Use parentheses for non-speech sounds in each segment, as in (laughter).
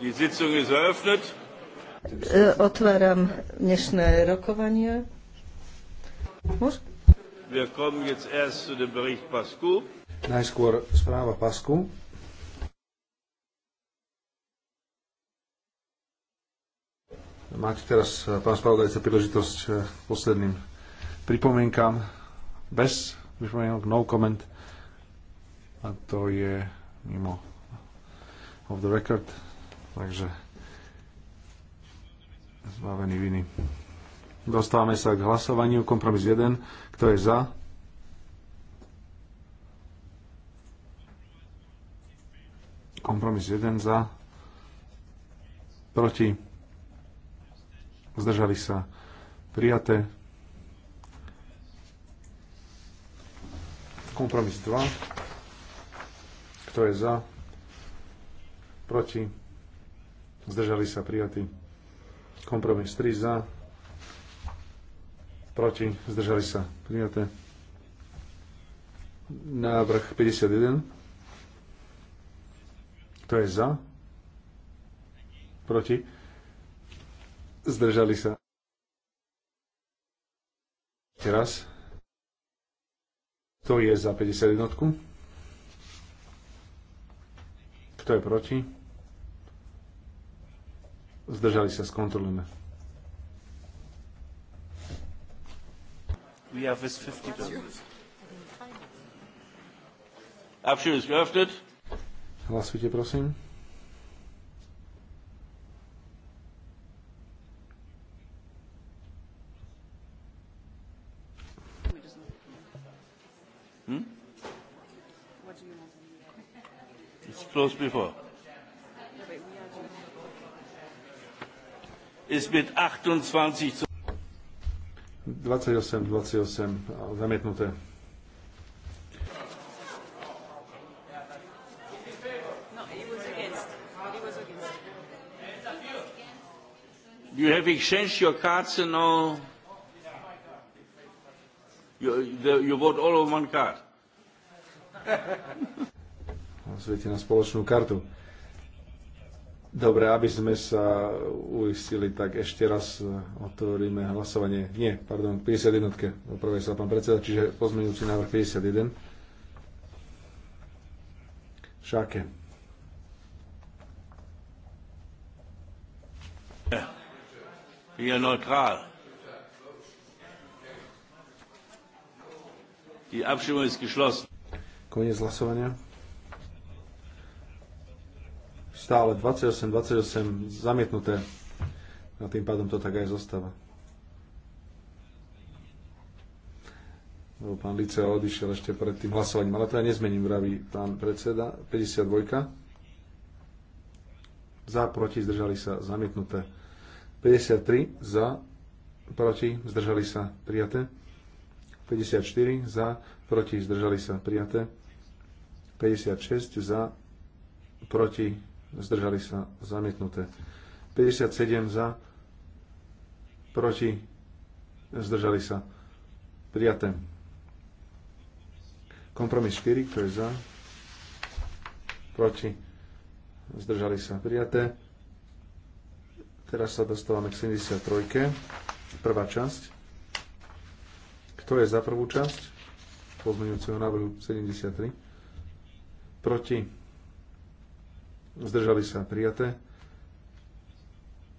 E, otváram dnešné rokovanie. Najskôr správa Pasku. Máte teraz, e, pán spravodajca, príležitosť k e, posledným pripomienkam. Bez pripomienok, no comment. A to je mimo of the record. Takže zbavený viny. Dostávame sa k hlasovaniu. Kompromis 1. Kto je za? Kompromis 1 za. Proti. Zdržali sa. Prijaté. Kompromis 2. Kto je za? Proti zdržali sa prijatí. Kompromis 3 za, proti, zdržali sa prijaté. Návrh 51. Kto je za? Proti? Zdržali sa. Teraz. Kto je za 51? Kto je proti? Zdržali sa, skontrolujeme. We have this 50 Abstimmung ist geöffnet. Hlasujte, prosím. Hm? It's close before. ist mit 28 zu 28, 28 zamietnuté. No, you have exchanged your cards and uh, now you, the, you vote all of one card. (laughs) Svieti na spoločnú kartu. Dobre, aby sme sa uistili, tak ešte raz e, otvoríme hlasovanie. Nie, pardon, 51. Prvé sa pán predseda, čiže pozmeňujúci návrh 51. Šáke. Je neutrál. Die Abstimmung ist geschlossen. Koniec hlasovania stále 28, 28 zamietnuté. A tým pádom to tak aj zostáva. Lebo pán Lice odišiel ešte pred tým hlasovaním, ale to ja nezmením, vraví pán predseda. 52. Za, proti, zdržali sa, zamietnuté. 53. Za, proti, zdržali sa, prijaté. 54. Za, proti, zdržali sa, prijaté. 56. Za, proti, zdržali sa zamietnuté. 57 za, proti, zdržali sa prijaté. Kompromis 4, kto je za, proti, zdržali sa prijaté. Teraz sa dostávame k 73. Prvá časť. Kto je za prvú časť? Pozmeňujúceho návrhu 73. Proti zdržali sa prijaté.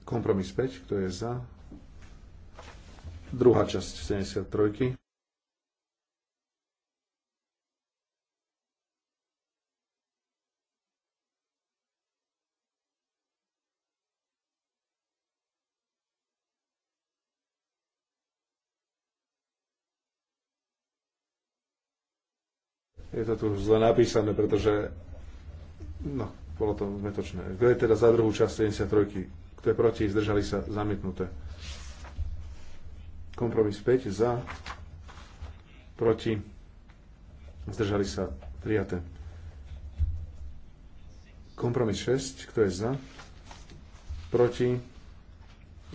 Kompromis 5, kto je za. Druhá časť 73. je to tu zle napísané, pretože no, bolo to zmetočné. Kto je teda za druhú časť 73? Kto je proti? Zdržali sa zamietnuté. Kompromis 5 za, proti, zdržali sa prijaté. Kompromis 6, kto je za, proti,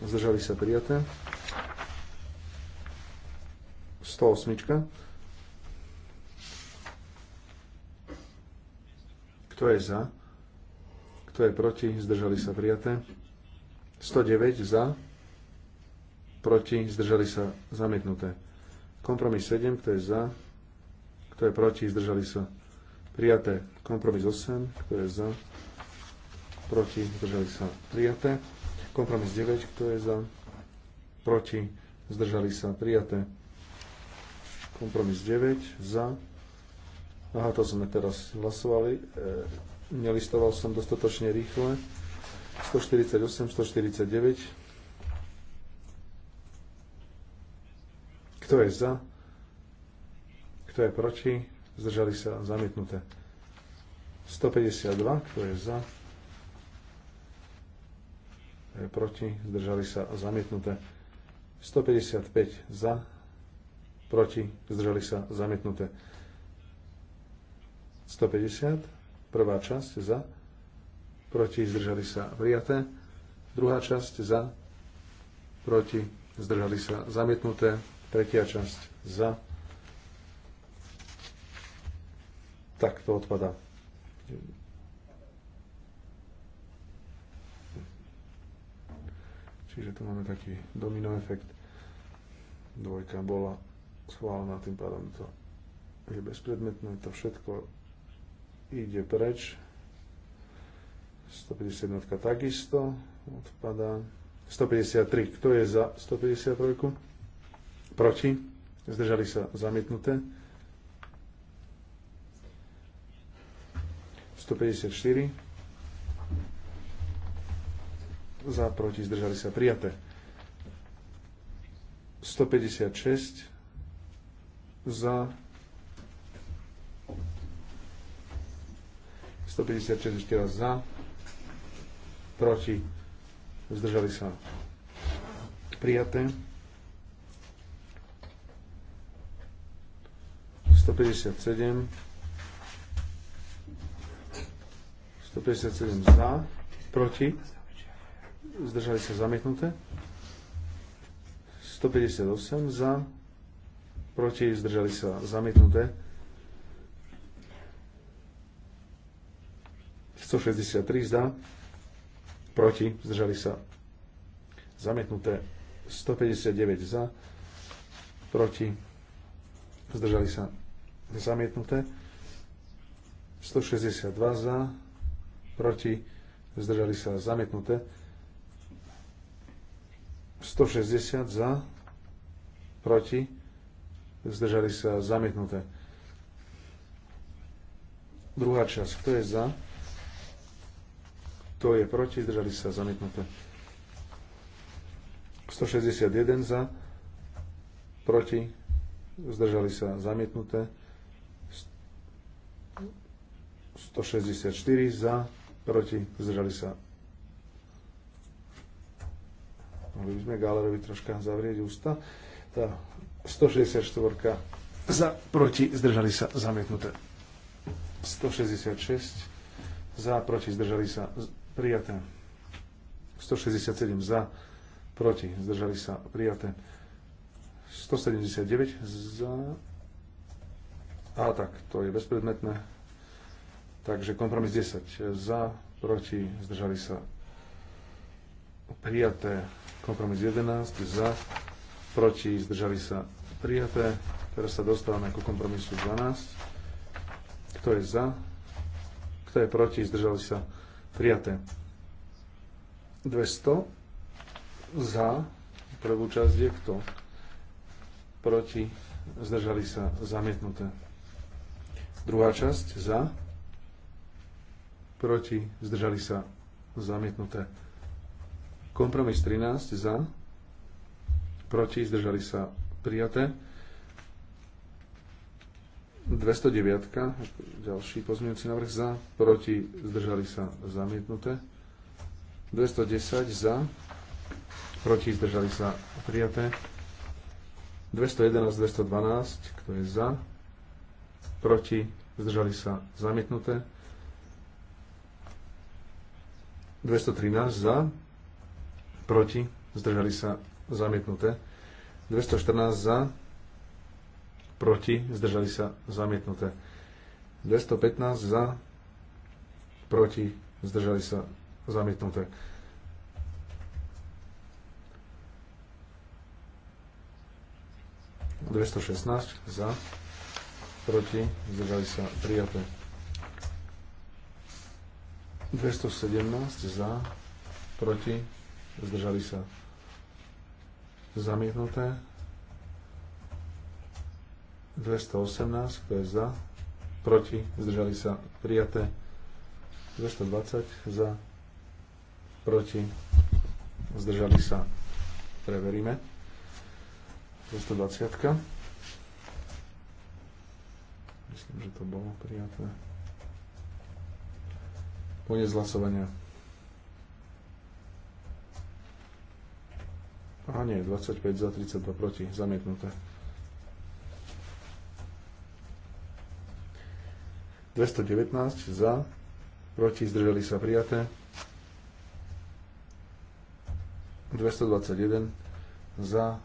zdržali sa prijaté. 108. Kto je za? Kto je proti? Zdržali sa prijaté. 109 za. Proti? Zdržali sa zamietnuté. Kompromis 7. Kto je za? Kto je proti? Zdržali sa prijaté. Kompromis 8. Kto je za? Proti? Zdržali sa prijaté. Kompromis 9. Kto je za? Proti? Zdržali sa prijaté. Kompromis 9. Za. Aha, to sme teraz hlasovali. E, Nelistoval som dostatočne rýchle. 148, 149. Kto je za? Kto je proti? Zdržali sa zamietnuté. 152, kto je za? Kto je proti? Zdržali sa zamietnuté. 155 za, proti, zdržali sa zamietnuté. 150 Prvá časť za, proti, zdržali sa prijaté. Druhá časť za, proti, zdržali sa zamietnuté. Tretia časť za. Tak to odpada. Čiže tu máme taký domino efekt. Dvojka bola schválená, tým pádom to je bezpredmetné, to všetko ide preč. 151 takisto odpadá. 153, kto je za 153? Proti? Zdržali sa zamietnuté. 154. Za, proti, zdržali sa prijaté. 156. Za, 156 ešte raz za, proti, zdržali sa prijaté. 157 157 za, proti, zdržali sa zamietnuté. 158 za, proti, zdržali sa zamietnuté. 163 za, proti, zdržali sa zamietnuté 159 za, proti, zdržali sa zamietnuté 162 za, proti, zdržali sa zamietnuté 160 za, proti, zdržali sa zamietnuté. Druhá časť, kto je za? Kto je proti? Zdržali sa zamietnuté. 161 za, proti, zdržali sa zamietnuté. 164 za, proti, zdržali sa. Mohli by sme Gálerovi troška zavrieť ústa. Tá 164 za, proti, zdržali sa zamietnuté. 166 za, proti, zdržali sa prijaté. 167 za, proti, zdržali sa, prijaté. 179 za... A tak, to je bezpredmetné. Takže kompromis 10 za, proti, zdržali sa, prijaté. Kompromis 11 za, proti, zdržali sa, prijaté. Teraz sa dostávame ku kompromisu 12. Kto je za? Kto je proti? Zdržali sa? Prijaté. 200 za, prvú časť je kto? Proti, zdržali sa, zamietnuté. Druhá časť za, proti, zdržali sa, zamietnuté. Kompromis 13 za, proti, zdržali sa, prijaté. 209. Ďalší pozmeňujúci návrh za. Proti. Zdržali sa zamietnuté. 210 za. Proti. Zdržali sa prijaté. 211, 212. Kto je za? Proti. Zdržali sa zamietnuté. 213 za. Proti. Zdržali sa zamietnuté. 214 za proti, zdržali sa zamietnuté. 215 za, proti, zdržali sa zamietnuté. ...216 za, proti, zdržali sa prijaté. 217 za, proti, zdržali sa zamietnuté. 218, kto je za, proti, zdržali sa prijaté. 220 za, proti, zdržali sa, preveríme. 220. Myslím, že to bolo prijaté. Konec hlasovania. A nie, 25 za, 32 proti, zamietnuté. 219 za, proti zdržali sa prijaté. 221 za,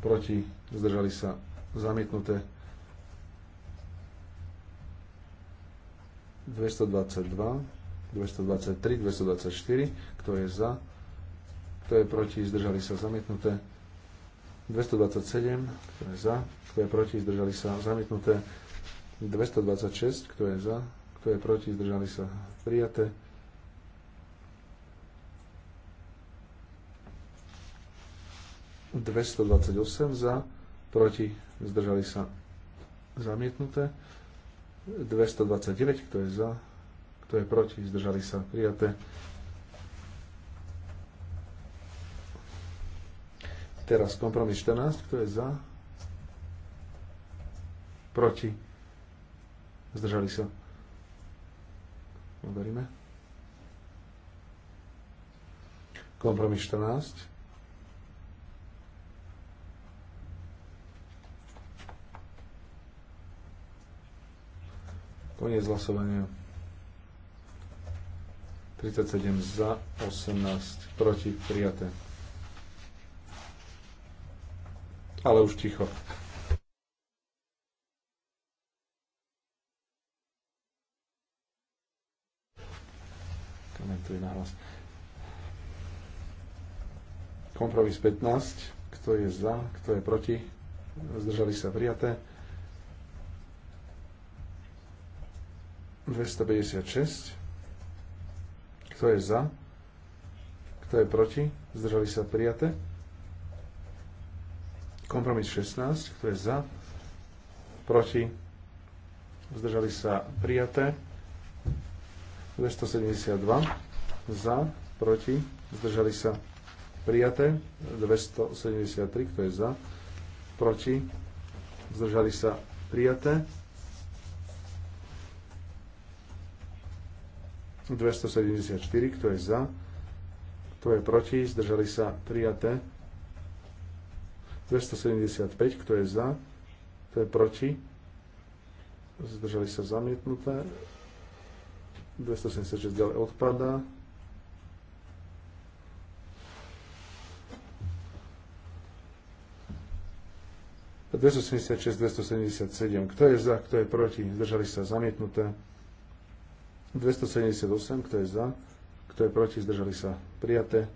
proti zdržali sa zamietnuté. 222, 223, 224, kto je za, kto je proti, zdržali sa zamietnuté. 227, kto je za, kto je proti, zdržali sa zamietnuté. 226, kto je za, kto je proti, zdržali sa prijaté. ...228 za, proti, zdržali sa zamietnuté. 229, kto je za, kto je proti, zdržali sa prijaté. Teraz kompromis 14, kto je za, proti, Zdržali sa. Uberíme. Kompromis 14. Koniec hlasovania. 37 za, 18 proti, prijaté. Ale už ticho. tu na hlas. Kompromis 15, kto je za, kto je proti, zdržali sa prijaté. 256. Kto je za? Kto je proti? Zdržali sa prijaté. Kompromis 16. Kto je za? Proti? Zdržali sa prijaté. 272 za, proti, zdržali sa prijaté, 273, kto je za, proti, zdržali sa prijaté, 274, kto je za, kto je proti, zdržali sa prijaté, 275, kto je za, kto je proti, zdržali sa zamietnuté, 276 ďalej odpadá, 276, 277. Kto je za, kto je proti? Zdržali sa zamietnuté. 278. Kto je za, kto je proti? Zdržali sa prijaté.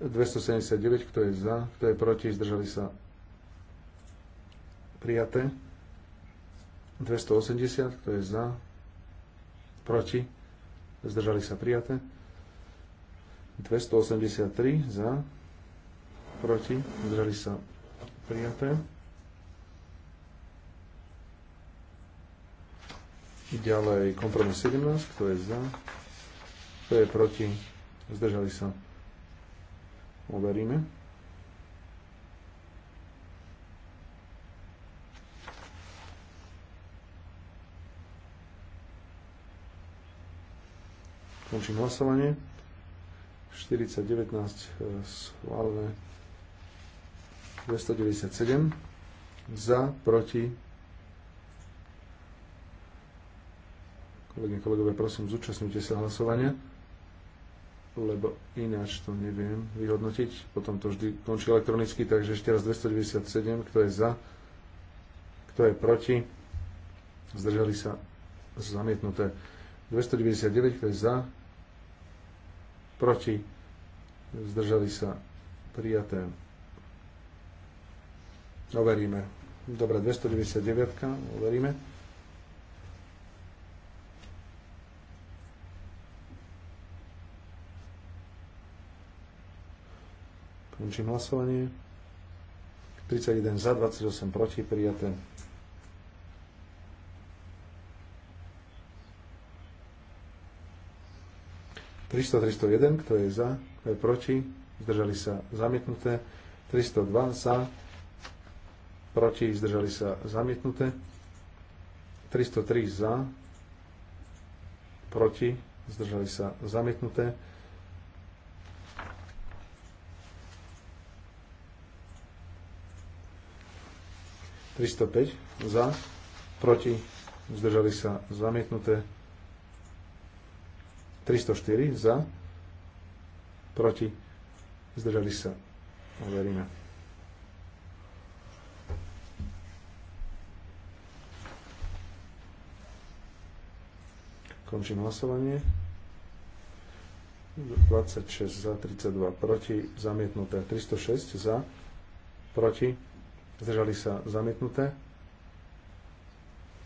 279. Kto je za, kto je proti? Zdržali sa prijaté. 280. Kto je za, proti? Zdržali sa prijaté. 283 za, proti, zdržali sa prijaté. Ďalej kompromis 17, kto je za, kto je proti, zdržali sa. Overíme. Končím hlasovanie. 4019 eh, schválené. 297 za, proti Kolegyne, kolegové, prosím, zúčastnite sa hlasovania, lebo ináč to neviem vyhodnotiť. Potom to vždy končí elektronicky, takže ešte raz 297, kto je za, kto je proti, zdržali sa zamietnuté. 299, kto je za, proti, zdržali sa prijaté. Overíme. Dobre, 299, overíme. Končím hlasovanie. 31 za, 28 proti, prijaté. kto je za, kto je proti, zdržali sa zamietnuté. 302 za, proti, zdržali sa zamietnuté. 303 za, proti, zdržali sa zamietnuté. 305 za, proti, zdržali sa zamietnuté. 304 za, proti, zdržali sa. Overíme. Končím hlasovanie. 26 za, 32 proti, zamietnuté. 306 za, proti, zdržali sa zamietnuté.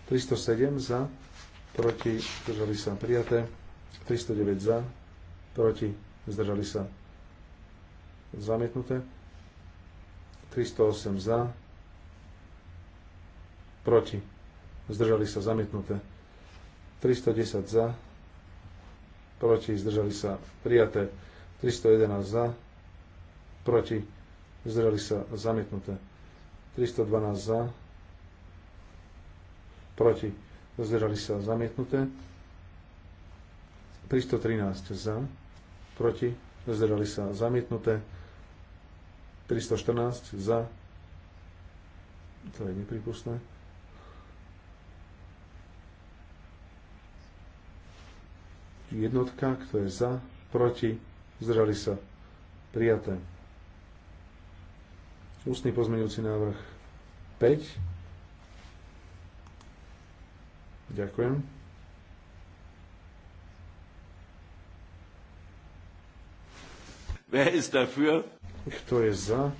307 za, proti, zdržali sa prijaté. 309 za, proti, zdržali sa zamietnuté. 308 za, proti, zdržali sa zamietnuté. 310 za, proti, zdržali sa prijaté. 311 za, proti, zdržali sa zamietnuté. 312 za, proti, zdržali sa zamietnuté, 313 za, proti, zdržali sa zamietnuté, 314 za, to je nepripustné, jednotka, kto je za, proti, zdržali sa prijaté. Ústny pozmeňujúci návrh 5. Ďakujem. Wer ist dafür? Kto je za?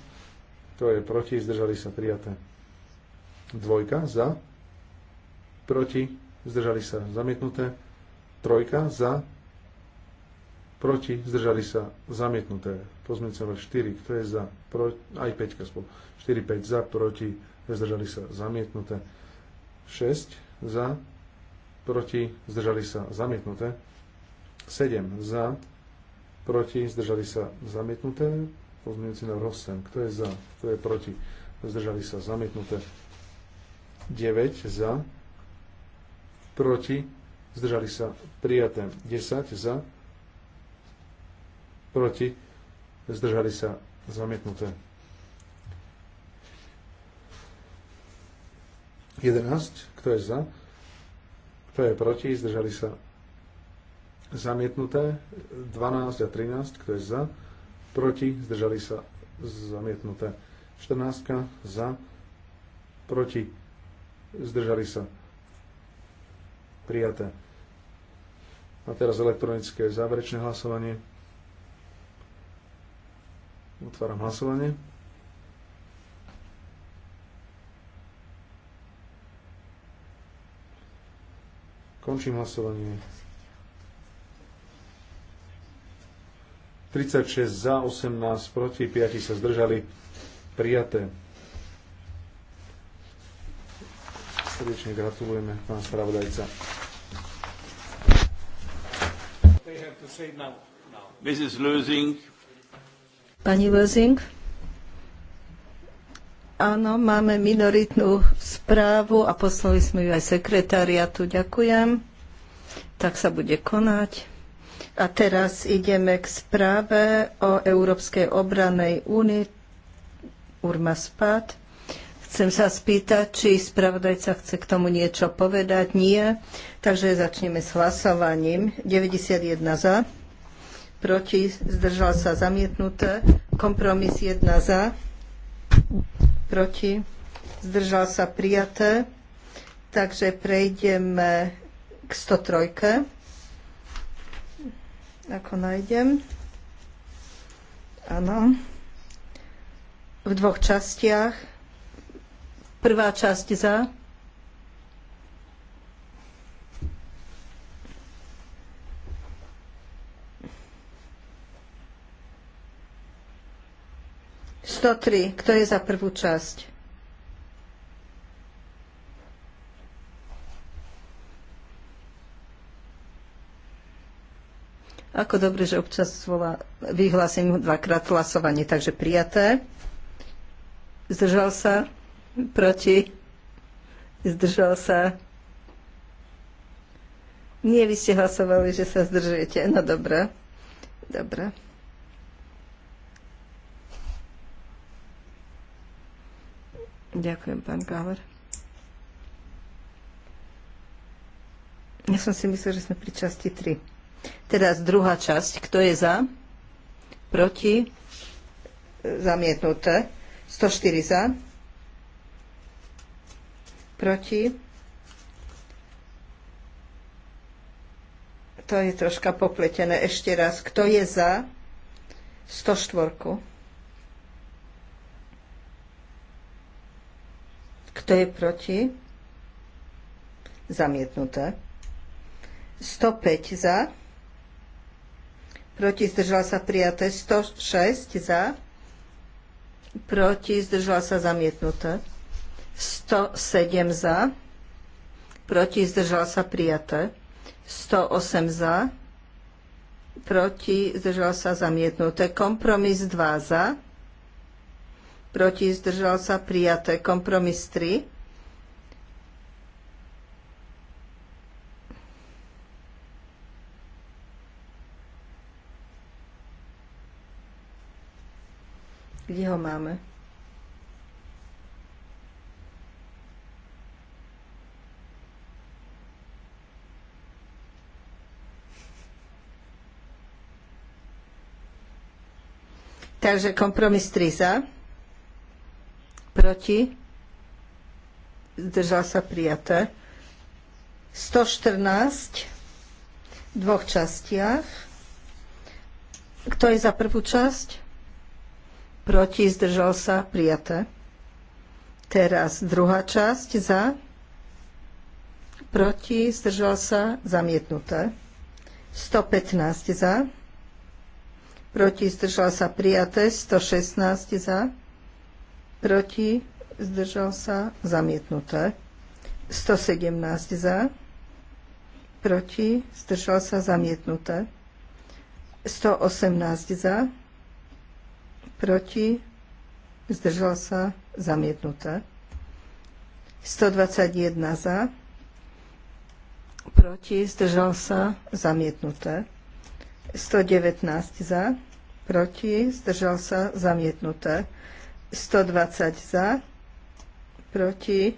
Kto je proti? Zdržali sa prijaté. Dvojka za. Proti. Zdržali sa zamietnuté. Trojka za proti, zdržali sa, zamietnuté. Pozmeňujúci sa 4, kto je za, pro, aj 5 spolu. 4, 5 za, proti, zdržali sa, zamietnuté. 6 za, proti, zdržali sa, zamietnuté. 7 za, proti, zdržali sa, zamietnuté. Pozmeňujúci návrh 8, kto je za, kto je proti, zdržali sa, zamietnuté. 9 za, proti, zdržali sa, prijaté. 10 za, proti, zdržali sa zamietnuté. 11, kto je za, kto je proti, zdržali sa zamietnuté. 12 a 13, kto je za, proti, zdržali sa zamietnuté. 14 za, proti, zdržali sa prijaté. A teraz elektronické záverečné hlasovanie. Otváram hlasovanie. Končím hlasovanie. 36 za, 18 proti, 5 sa zdržali. Prijaté. Srdečne gratulujeme, pán spravodajca. Mrs. No, no. Lösing, Pani Lezing? Áno, máme minoritnú správu a poslali sme ju aj sekretariatu. Ďakujem. Tak sa bude konať. A teraz ideme k správe o Európskej obranej únii. Urma Spad. Chcem sa spýtať, či spravodajca chce k tomu niečo povedať. Nie. Takže začneme s hlasovaním. 91 za proti, zdržal sa zamietnuté, kompromis 1 za, proti, zdržal sa prijaté. Takže prejdeme k 103. Ako nájdem. Áno. V dvoch častiach. Prvá časť za, 103. Kto je za prvú časť? Ako dobre, že občas volá, vyhlásim dvakrát hlasovanie, takže prijaté. Zdržal sa? Proti? Zdržal sa? Nie, vy ste hlasovali, že sa zdržujete. No dobre. Dobre. Ďakujem, pán Gáver. Ja som si myslel, že sme pri časti 3. Teraz druhá časť. Kto je za? Proti? Zamietnuté. 104 za. Proti? To je troška popletené. Ešte raz. Kto je za? 104. Kto je proti? Zamietnuté. 105 za. Proti zdržala sa prijaté 106 za. Proti zdržala sa zamietnuté. 107 za. Proti zdržala sa prijaté. 108 za. Proti zdržala sa zamietnuté. Kompromis 2 za proti, zdržal sa, prijaté. Kompromis 3. Kde ho máme? Takže kompromis 3 za proti, zdržal sa prijaté. 114 v dvoch častiach. Kto je za prvú časť? Proti, zdržal sa prijaté. Teraz druhá časť za, proti, zdržal sa zamietnuté. 115 za, proti, zdržal sa prijaté, 116 za, proti, zdržal sa, zamietnuté. 117 za, proti, zdržal sa, zamietnuté. 118 za, proti, zdržal sa, zamietnuté. 121 za, proti, zdržal sa, zamietnuté. 119 za, proti, zdržal sa, zamietnuté. 120 za, proti,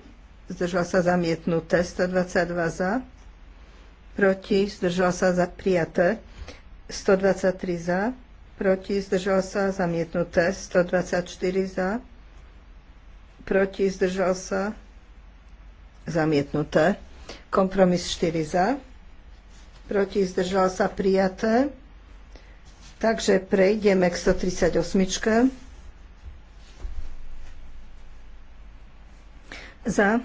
zdržal sa zamietnuté, 122 za, proti, zdržal sa za prijaté, 123 za, proti, zdržal sa zamietnuté, 124 za, proti, zdržal sa zamietnuté, kompromis 4 za, proti, zdržal sa prijaté, takže prejdeme k 138. za,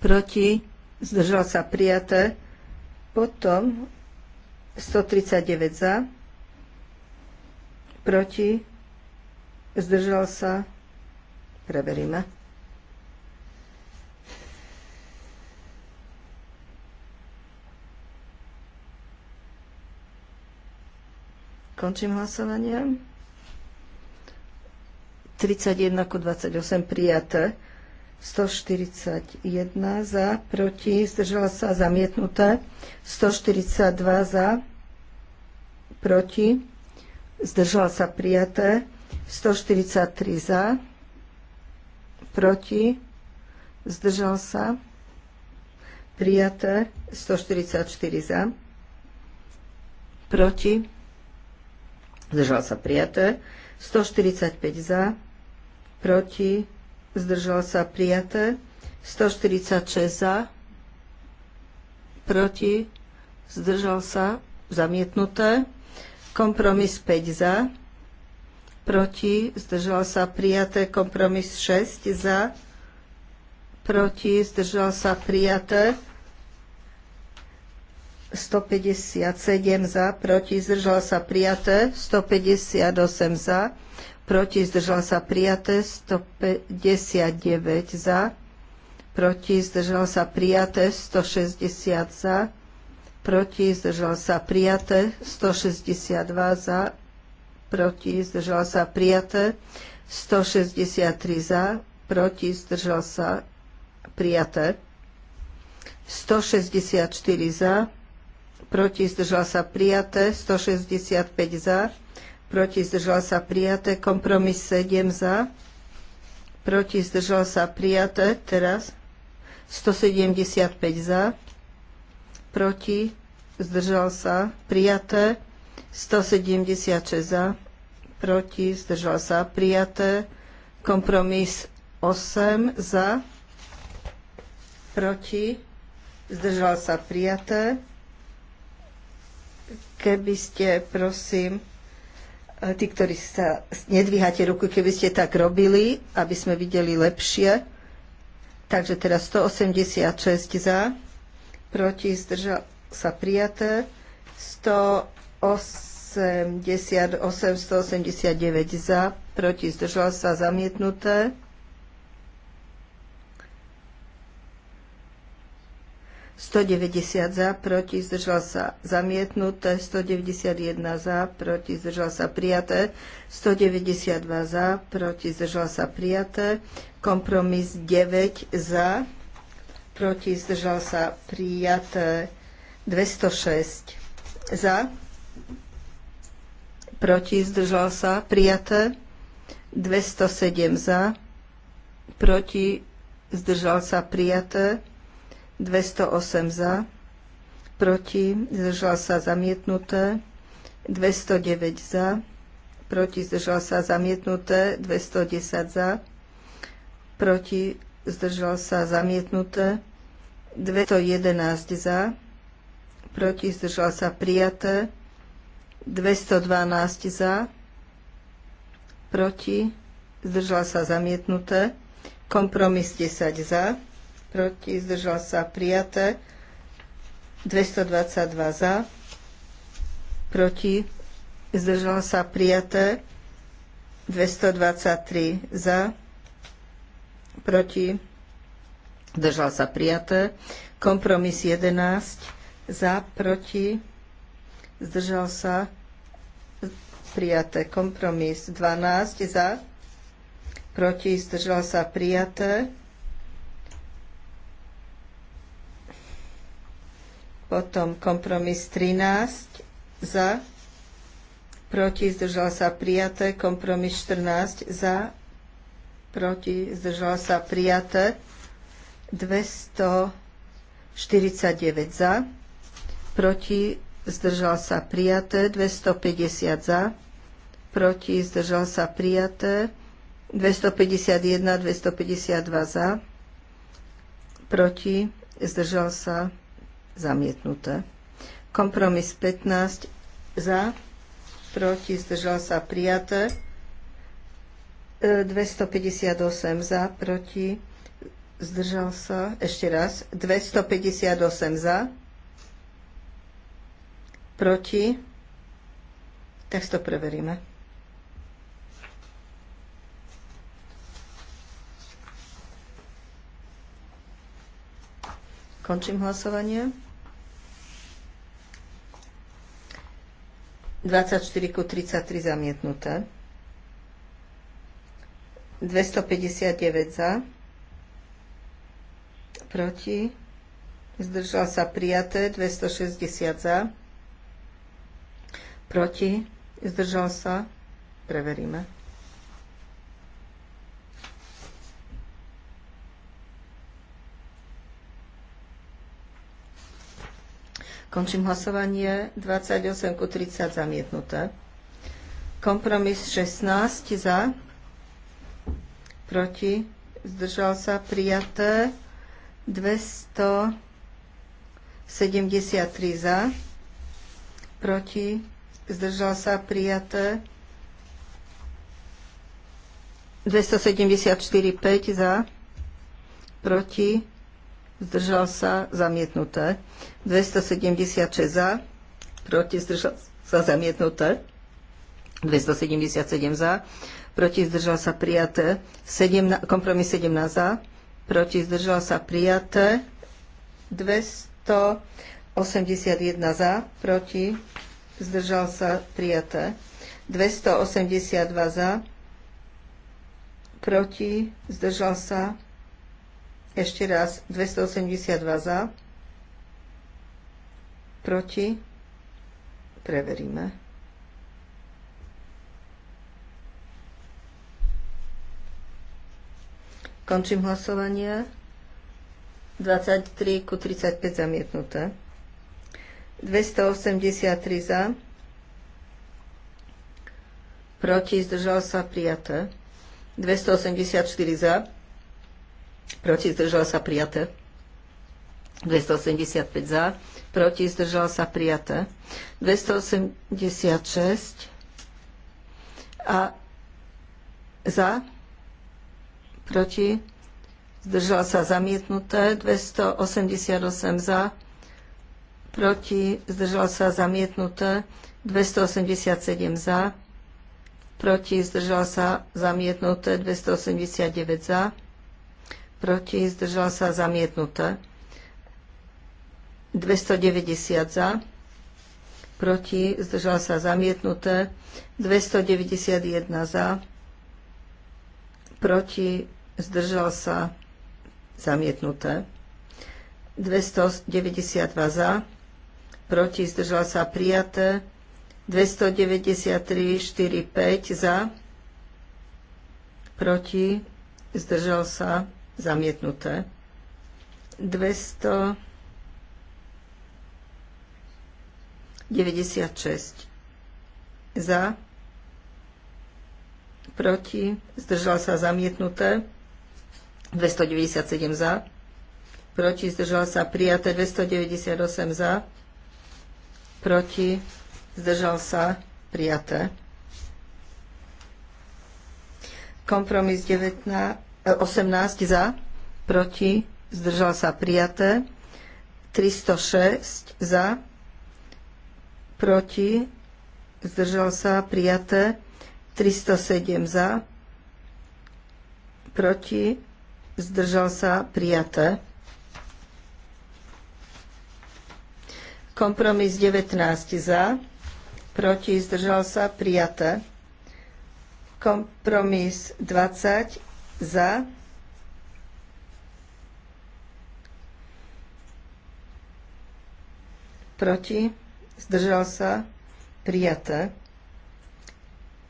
proti, zdržal sa prijaté, potom 139 za, proti, zdržal sa, preveríme. Končím hlasovanie. 31 ku 28 prijaté. 141 za, proti, zdržala sa zamietnuté, 142 za, proti, zdržala sa prijaté, 143 za, proti, zdržal sa, prijaté, 144 za, proti, zdržal sa prijaté, 145 za, proti, zdržal sa prijaté, 146 za, proti, zdržal sa zamietnuté, kompromis 5 za, proti, zdržal sa prijaté, kompromis 6 za, proti, zdržal sa prijaté, 157 za, proti, zdržal sa prijaté, 158 za, proti, zdržal sa prijaté, 159 za, proti, zdržal sa prijaté, 160 za, proti, zdržal sa prijaté, 162 za, proti, zdržal sa prijaté, 163 za, proti, zdržal sa prijaté, 164 za, proti, zdržal sa prijaté, 165 za, proti zdržal sa prijaté, kompromis 7 za, proti zdržal sa prijaté, teraz 175 za, proti zdržal sa prijaté, 176 za, proti zdržal sa prijaté, kompromis 8 za, proti zdržal sa prijaté. Keby ste, prosím, Tí, ktorí sa nedvíhate ruku, keby ste tak robili, aby sme videli lepšie. Takže teraz 186 za, proti zdržal sa prijaté, 180, 889 za, proti zdržal sa zamietnuté, 190 za, proti, zdržal sa zamietnuté, 191 za, proti, zdržal sa prijaté, 192 za, proti, zdržal sa prijaté, kompromis 9 za, proti, zdržal sa prijaté, 206 za, proti, zdržal sa prijaté, 207 za, proti, zdržal sa prijaté, 208 za, proti, zdržal sa zamietnuté, 209 za, proti, zdržal sa zamietnuté, 210 za, proti, zdržal sa zamietnuté, 211 za, proti, zdržal sa prijaté, 212 za, proti, zdržal sa zamietnuté, kompromis 10 za, proti, zdržal sa prijaté, 222 za, proti, zdržal sa prijaté, 223 za, proti, zdržal sa prijaté, kompromis 11 za, proti, zdržal sa prijaté, kompromis 12 za, proti, zdržal sa prijaté, Potom kompromis 13 za, proti, zdržal sa prijaté. Kompromis 14 za, proti, zdržal sa prijaté. 249 za, proti, zdržal sa prijaté. 250 za, proti, zdržal sa prijaté. 251, 252 za, proti, zdržal sa prijaté zamietnuté. Kompromis 15 za, proti, zdržal sa prijaté. 258 e, za, proti, zdržal sa, ešte raz, 258 za, proti, tak to preveríme. Končím hlasovanie. 24 ku 33 zamietnuté. 259 za. Proti. Zdržal sa prijaté. 260 za. Proti. Zdržal sa. Preveríme. Končím hlasovanie. 28 ku 30 zamietnuté. Kompromis 16 za. Proti. Zdržal sa. Prijaté. 273 za. Proti. Zdržal sa. Prijaté. 274 5 za. Proti zdržal sa, zamietnuté. 276 za, proti, zdržal sa, zamietnuté. 277 za, proti, zdržal sa, prijaté. kompromis 17 za, proti, zdržal sa, prijaté. 281 za, proti, zdržal sa, prijaté. 282 za, proti, zdržal sa, ešte raz 282 za. Proti. Preveríme. Končím hlasovanie. 23 ku 35 zamietnuté. 283 za. Proti zdržal sa prijaté. 284 za proti zdržal sa prijaté. 285 za, proti zdržal sa prijaté. 286 a za, proti, zdržal sa zamietnuté, 288 za, proti, zdržal sa zamietnuté, 287 za, proti, zdržal sa zamietnuté, 289 za, proti, zdržal sa zamietnuté. 290 za, proti, zdržal sa zamietnuté. 291 za, proti, zdržal sa zamietnuté. 292 za, proti, zdržal sa prijaté. 293, 4, 5 za, proti, zdržal sa zamietnuté. 296 za, proti, zdržal sa zamietnuté, 297 za, proti, zdržal sa prijaté, 298 za, proti, zdržal sa prijaté. Kompromis 19 18 za, proti, zdržal sa prijaté, 306 za, proti, zdržal sa prijaté, 307 za, proti, zdržal sa prijaté. Kompromis 19 za, proti, zdržal sa prijaté. Kompromis 20 za, proti, zdržal sa, prijaté.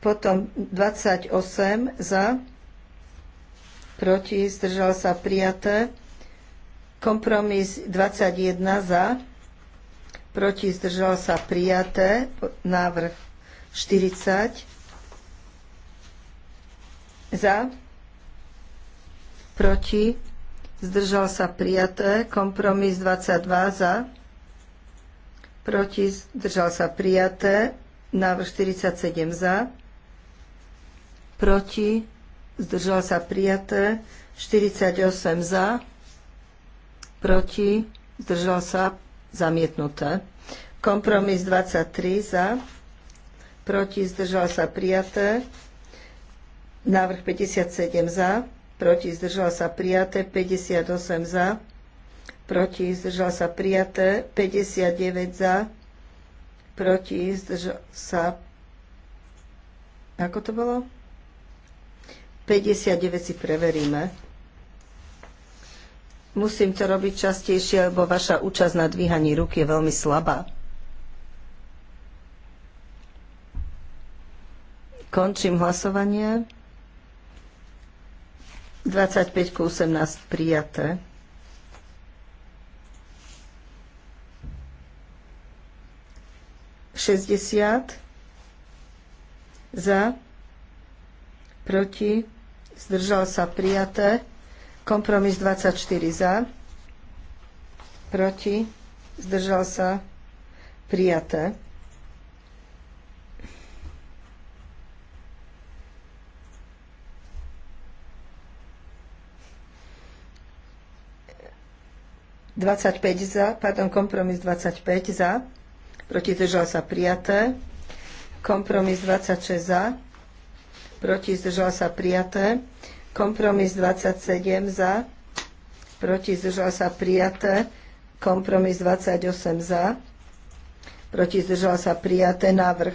Potom 28 za, proti, zdržal sa, prijaté. Kompromis 21 za, proti, zdržal sa, prijaté. Návrh 40 za, proti, zdržal sa prijaté, kompromis 22 za, proti, zdržal sa prijaté, návrh 47 za, proti, zdržal sa prijaté, 48 za, proti, zdržal sa zamietnuté. Kompromis 23 za, proti, zdržal sa prijaté, návrh 57 za, proti zdržal sa prijaté, 58 za, proti zdržal sa prijaté, 59 za, proti zdržal sa, ako to bolo? 59 si preveríme. Musím to robiť častejšie, lebo vaša účasť na dvíhaní rúk je veľmi slabá. Končím hlasovanie. 25 k 18 prijaté. Šesťdesiat za, proti, zdržal sa prijaté. Kompromis 24 za, proti, zdržal sa prijaté. 25 za, pardon, kompromis 25 za, proti zdržala sa prijaté, kompromis 26 za, proti zdržala sa prijaté, kompromis 27 za, proti zdržal sa prijaté, kompromis 28 za, proti zdržal sa prijaté, návrh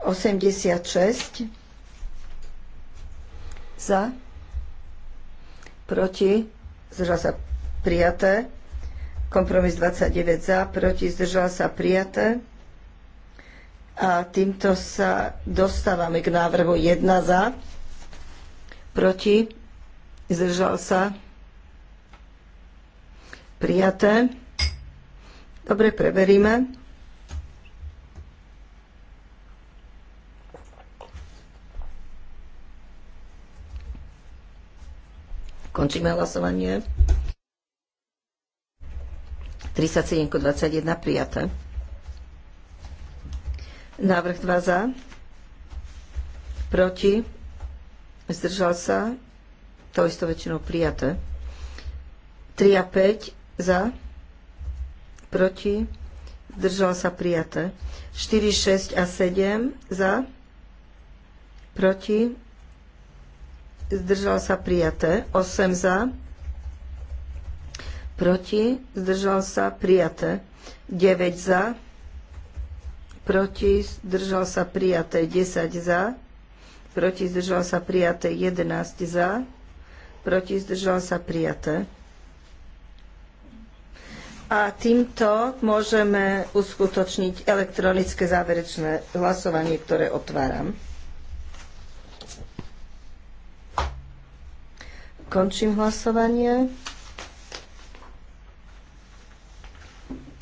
86 za, proti zdržala sa prijaté, Kompromis 29 za, proti, zdržal sa prijaté. A týmto sa dostávame k návrhu 1 za, proti, zdržal sa prijaté. Dobre, preveríme. Končíme hlasovanie. 37 21 prijaté. Návrh 2 za. Proti. Zdržal sa. To isto väčšinou prijaté. 3 a 5 za. Proti. Zdržal sa prijaté. 4, 6 a 7 za. Proti. Zdržal sa prijaté. 8 za proti, zdržal sa, prijaté. 9 za, proti, zdržal sa, prijaté. 10 za, proti, zdržal sa, prijaté. 11 za, proti, zdržal sa, prijaté. A týmto môžeme uskutočniť elektronické záverečné hlasovanie, ktoré otváram. Končím hlasovanie.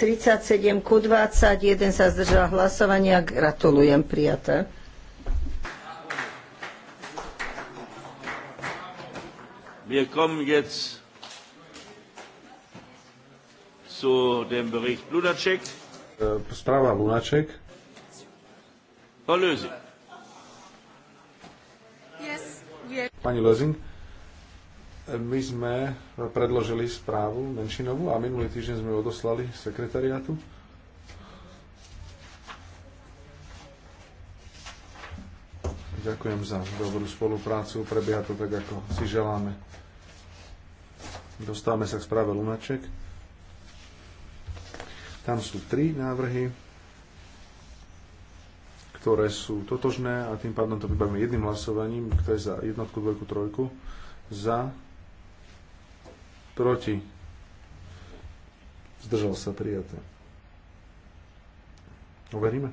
37 ku 21 sa zdržal hlasovania. Gratulujem, prijaté. Wir kommen jetzt zu dem Bericht Lunacek. E, Sprawa Lunacek. Frau Lösing. Yes, Pani Lösing. My sme predložili správu menšinovú a minulý týždeň sme odoslali sekretariátu. Ďakujem za dobrú spoluprácu, prebieha to tak, ako si želáme. Dostávame sa k správe Lunaček. Tam sú tri návrhy, ktoré sú totožné a tým pádom to vybavíme jedným hlasovaním, kto je za jednotku, dvojku, trojku, za proti, zdržal sa prijaté. Overíme?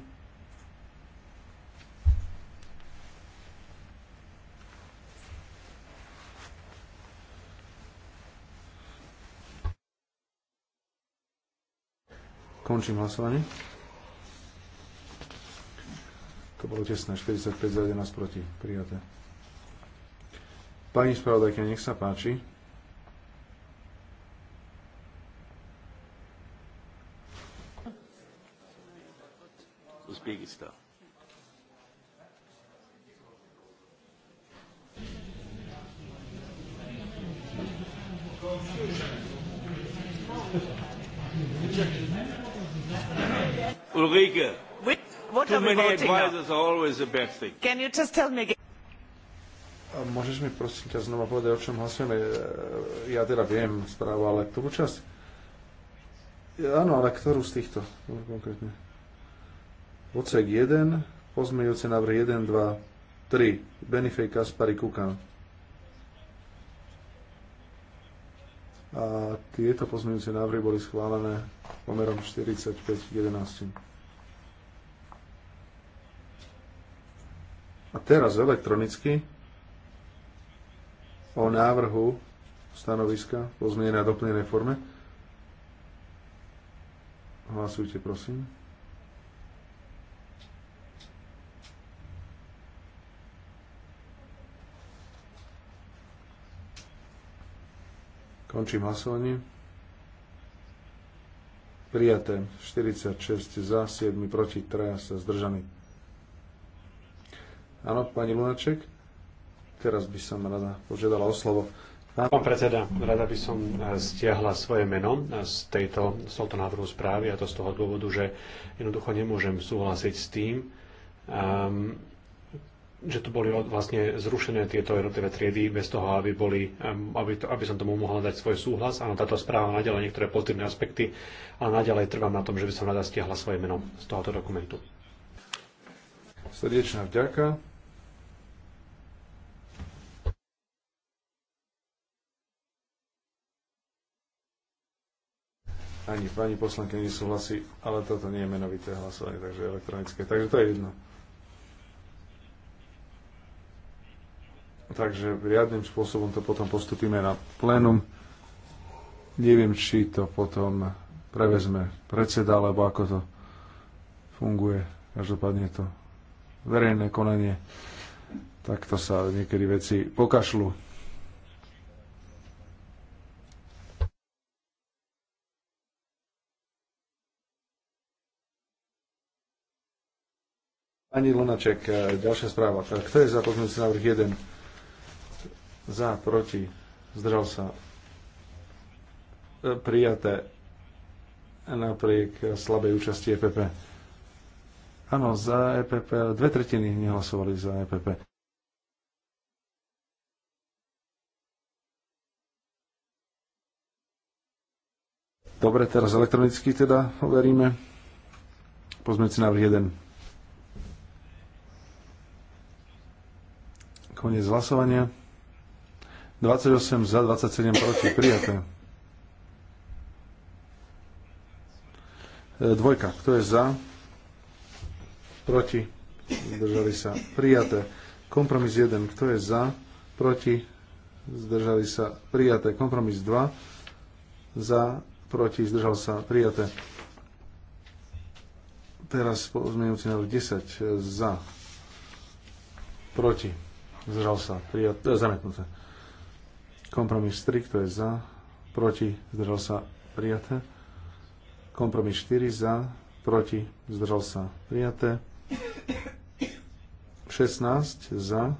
Končím hlasovanie. To bolo tesné, 45 za 11 proti, prijaté. Pani spravodajka, nech sa páči. many advisors are always the best thing. Can you just tell me again? A môžeš mi prosím ťa znova povedať, o čom hlasujeme? E, ja teda viem správu, ale ktorú časť? E, áno, ale ktorú z týchto? Konkrétne. Odsek 1, pozmeňujúce návrh 1, 2, 3. Benifej Kaspari Kukan. A tieto pozmeňujúce návrhy boli schválené pomerom 45 11. A teraz elektronicky o návrhu stanoviska po zmenenej a doplnenej forme. Hlasujte, prosím. Končím hlasovanie. Prijaté 46 za, 7 proti, 3 sa zdržaní. Áno, pani Lunaček. Teraz by som rada požiadala o slovo. Pán predseda, rada by som e, stiahla svoje meno e, z, tejto, z tohto návrhu správy a to z toho dôvodu, že jednoducho nemôžem súhlasiť s tým, um, že tu boli vlastne zrušené tieto jednotlivé triedy bez toho, aby, boli, ehm, aby, to, aby som tomu mohla dať svoj súhlas. Áno, táto správa naďalej niektoré pozitívne aspekty, ale naďalej trvám na tom, že by som rada stiahla svoje meno z tohoto dokumentu. Srdečná vďaka. Ani pani poslanky nesúhlasí, ale toto nie je menovité hlasovanie, takže elektronické. Takže to je jedno. Takže riadnym spôsobom to potom postupíme na plénum. Neviem, či to potom prevezme predseda, alebo ako to funguje. Každopádne to verejné konanie. Takto sa niekedy veci pokašľú. Pani Lunaček, e, ďalšia správa. E, kto je za pozmeňujúci návrh 1? Za, proti, zdržal sa. E, prijaté napriek slabej účasti EPP. Áno, za EPP, dve tretiny nehlasovali za EPP. Dobre, teraz elektronicky teda overíme. Pozmeňujúci návrh 1. Koniec hlasovania. 28 za, 27 proti. Prijaté. E, dvojka. Kto je za? Proti. Zdržali sa. Prijaté. Kompromis 1. Kto je za? Proti. Zdržali sa. Prijaté. Kompromis 2. Za. Proti. Zdržal sa. Prijaté. Teraz pozmeňujúci návrh 10. E, za. Proti zdržal sa, prijat, e, zamietnuté. Kompromis 3, kto je za, proti, zdržal sa, prijaté. Kompromis 4 za, proti, zdržal sa, prijaté. 16 za,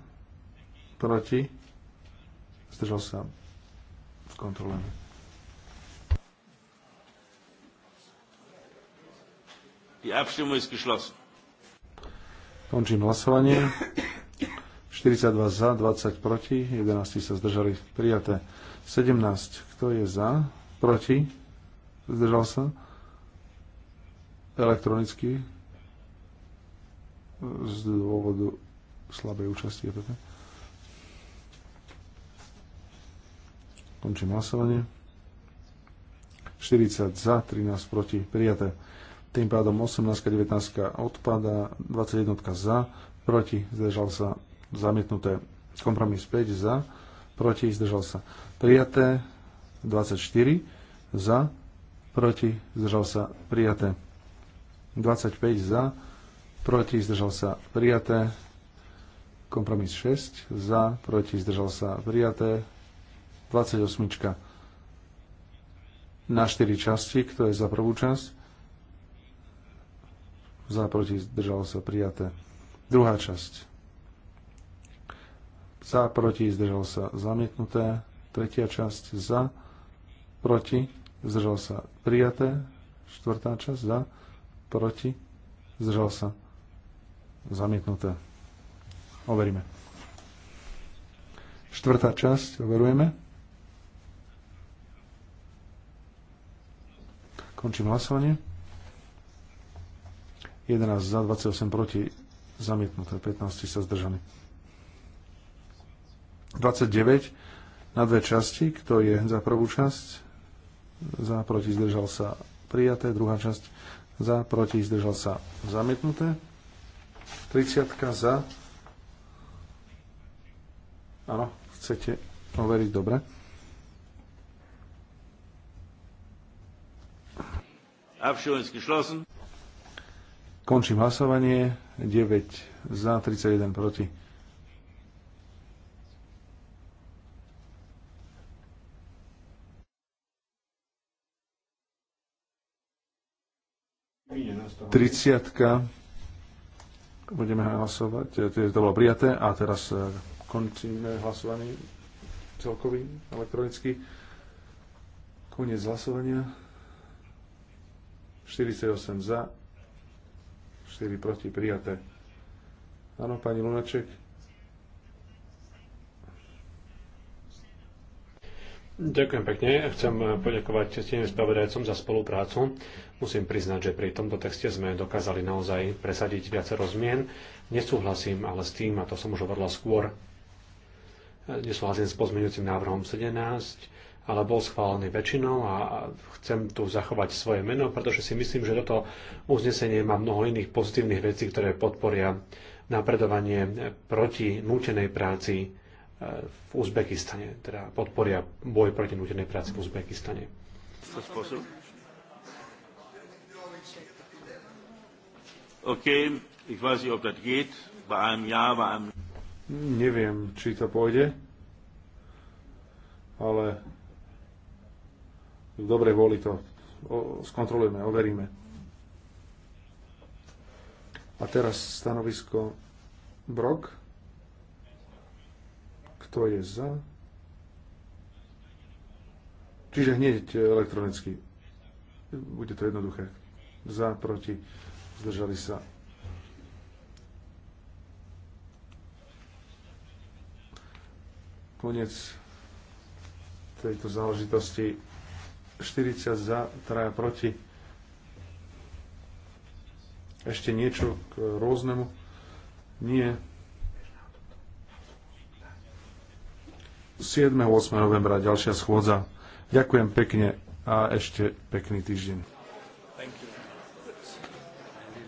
proti, zdržal sa, v kontrole. Die Abstimmung ist geschlossen. Končím hlasovanie. 42 za, 20 proti, 11 sa zdržali prijaté. 17, kto je za, proti, zdržal sa, elektronicky, z dôvodu slabej účasti Končím hlasovanie. 40 za, 13 proti, prijaté. Tým pádom 18, 19 odpada, 21 za, proti, zdržal sa zamietnuté. Kompromis 5 za, proti, zdržal sa. Prijaté 24 za, proti, zdržal sa. Prijaté 25 za, proti, zdržal sa. Prijaté kompromis 6 za, proti, zdržal sa. Prijaté 28 na 4 časti, kto je za prvú časť, za, proti, zdržal sa, prijaté. Druhá časť za, proti, zdržal sa zamietnuté. Tretia časť za, proti, zdržal sa prijaté. Štvrtá časť za, proti, zdržal sa zamietnuté. Overíme. Štvrtá časť, overujeme. Končím hlasovanie. 11 za, 28 proti, zamietnuté, 15 sa zdržali. 29 na dve časti. Kto je za prvú časť? Za, proti, zdržal sa prijaté. Druhá časť za, proti, zdržal sa zamietnuté. 30 za. Áno, chcete overiť, dobre. Končím hlasovanie. 9 za, 31 proti. 30. Budeme hlasovať. E, to bolo prijaté a teraz e, končíme hlasovanie celkový, elektronicky. Koniec hlasovania. 48 za, 4 proti, prijaté. Áno, pani Lunaček. Ďakujem pekne. Chcem poďakovať tým spravodajcom za spoluprácu. Musím priznať, že pri tomto texte sme dokázali naozaj presadiť viacero zmien. Nesúhlasím ale s tým, a to som už hovorila skôr, nesúhlasím s pozmeňujúcim návrhom 17, ale bol schválený väčšinou a chcem tu zachovať svoje meno, pretože si myslím, že toto uznesenie má mnoho iných pozitívnych vecí, ktoré podporia napredovanie proti nútenej práci v Uzbekistane, teda podporia boj proti nutenej práci v Uzbekistane. Ich weiß nicht, ob das geht. Bei einem Ja, bei einem... No. Neviem, či to pôjde, ale v dobrej vôli to skontrolujeme, overíme. A teraz stanovisko Brok. Kto je za? Čiže hneď elektronicky. Bude to jednoduché. Za, proti, zdržali sa. Konec tejto záležitosti. 40 za, 3 proti. Ešte niečo k rôznemu? Nie. 7. 8. novembra ďalšia schôdza. Ďakujem pekne a ešte pekný týždeň.